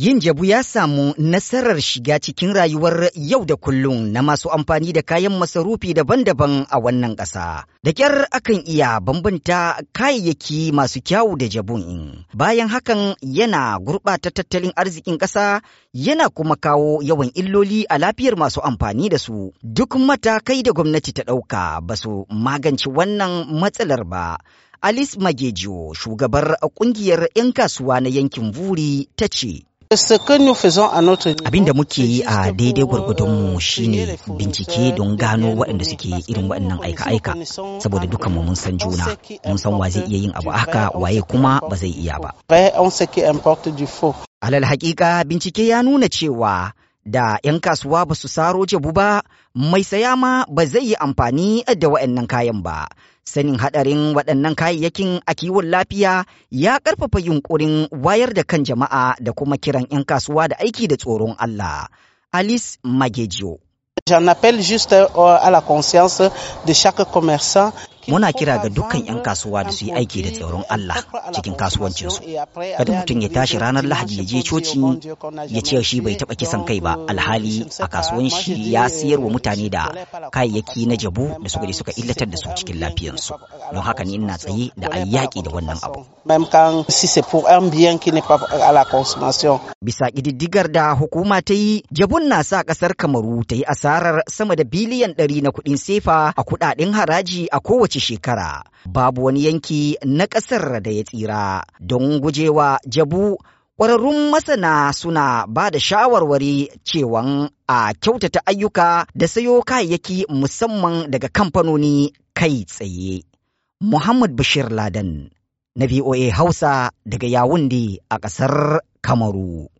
Yin jabu ya samu nasarar shiga cikin rayuwar yau da kullum na masu amfani da kayan masarufi daban-daban a wannan ƙasa. Da ƙyar akan iya bambanta kayayyaki masu kyawu da jabun. Bayan hakan yana gurɓata tattalin arzikin ƙasa yana kuma kawo yawan illoli a lafiyar masu amfani da su. Duk matakai da gwamnati ta ɗauka ba su magance wannan matsalar ba. Alice Magejo, shugabar ƙungiyar 'yan kasuwa na yankin Vuri, ta ce. Abin da muke yi a daidai gwargwadonmu shine bincike don gano waɗanda suke irin waɗannan aika-aika saboda dukanmu mun san juna mun san wa zai iya yin abu haka waye kuma ba zai iya ba. Alal hakika bincike ya nuna cewa da 'yan kasuwa ba su saro jabu ba, mai saya ma ba zai yi amfani da waɗannan kayan ba. Sanin haɗarin waɗannan kayayyakin a kiwon lafiya ya ƙarfafa yunƙurin wayar da kan jama'a da kuma kiran 'yan kasuwa da aiki da tsoron Allah. Alice Magejo. J'en appelle juste euh, à la conscience de chaque commerçant. Muna kira ga dukkan 'yan kasuwa da su yi aiki da tsoron Allah cikin kasuwancinsu. Kada mutum ya tashi ranar Lahadi ya je coci ya ce shi bai taɓa kisan kai ba alhali a kasuwan shi ya siyar wa mutane da kayayyaki na jabu da suka suka illatar da su cikin lafiyansu. Don haka ni ina tsaye da a yaƙi da wannan abu. Bisa ƙididdigar da hukuma ta yi, jabun na sa ƙasar Kamaru ta yi asarar sama da biliyan ɗari na kuɗin sefa a kuɗaɗen haraji a kowace shekara babu wani yanki na ƙasar da ya tsira don gujewa jabu ƙwararrun masana suna ba da shawarwari cewan a kyautata ayyuka da sayo kayayyaki musamman daga kamfanoni kai tsaye. Muhammad Bashir Ladan na VOA Hausa daga Yawundi a ƙasar Kamaru.